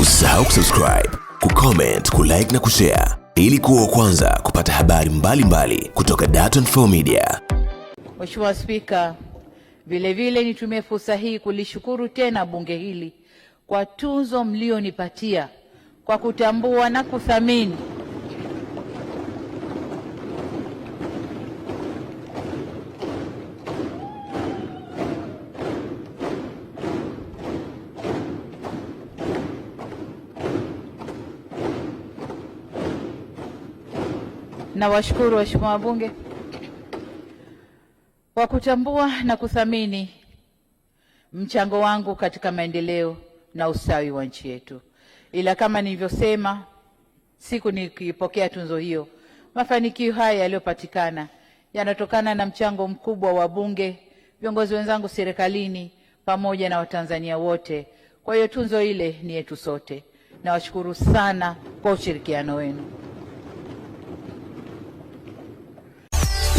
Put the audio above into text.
Usisahau kusubscribe, kucomment, kulike na kushare ili kuwa kwanza kupata habari mbalimbali mbali kutoka Dar24 Media. Mheshimiwa Spika, vilevile nitumie fursa hii kulishukuru tena bunge hili kwa tunzo mlionipatia kwa kutambua na kuthamini Nawashukuru waheshimiwa wabunge kwa kutambua na kuthamini mchango wangu katika maendeleo na ustawi wa nchi yetu. Ila kama nilivyosema siku nikipokea tunzo hiyo, mafanikio haya yaliyopatikana yanatokana na mchango mkubwa wa Bunge, viongozi wenzangu serikalini, pamoja na Watanzania wote. Kwa hiyo tunzo ile ni yetu sote. Nawashukuru sana kwa ushirikiano wenu.